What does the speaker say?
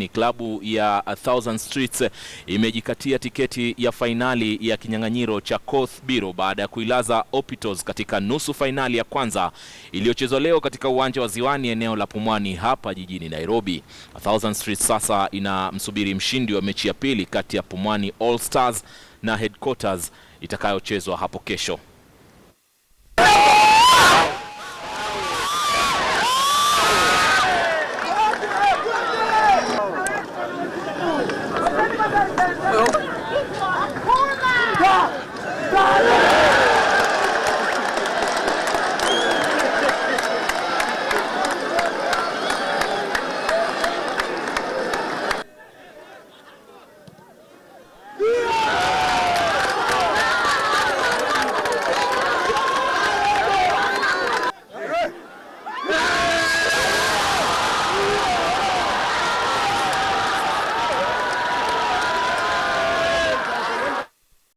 Ni klabu ya Thousand Streets imejikatia tiketi ya fainali ya kinyang'anyiro cha Biro baada ya kuilaza Opitos katika nusu fainali ya kwanza iliyochezwa leo katika uwanja wa Ziwani eneo la Pumwani hapa jijini Nairobi. Thousand Streets sasa inamsubiri mshindi wa mechi ya pili kati ya Pumwani All Stars na Headquarters itakayochezwa hapo kesho.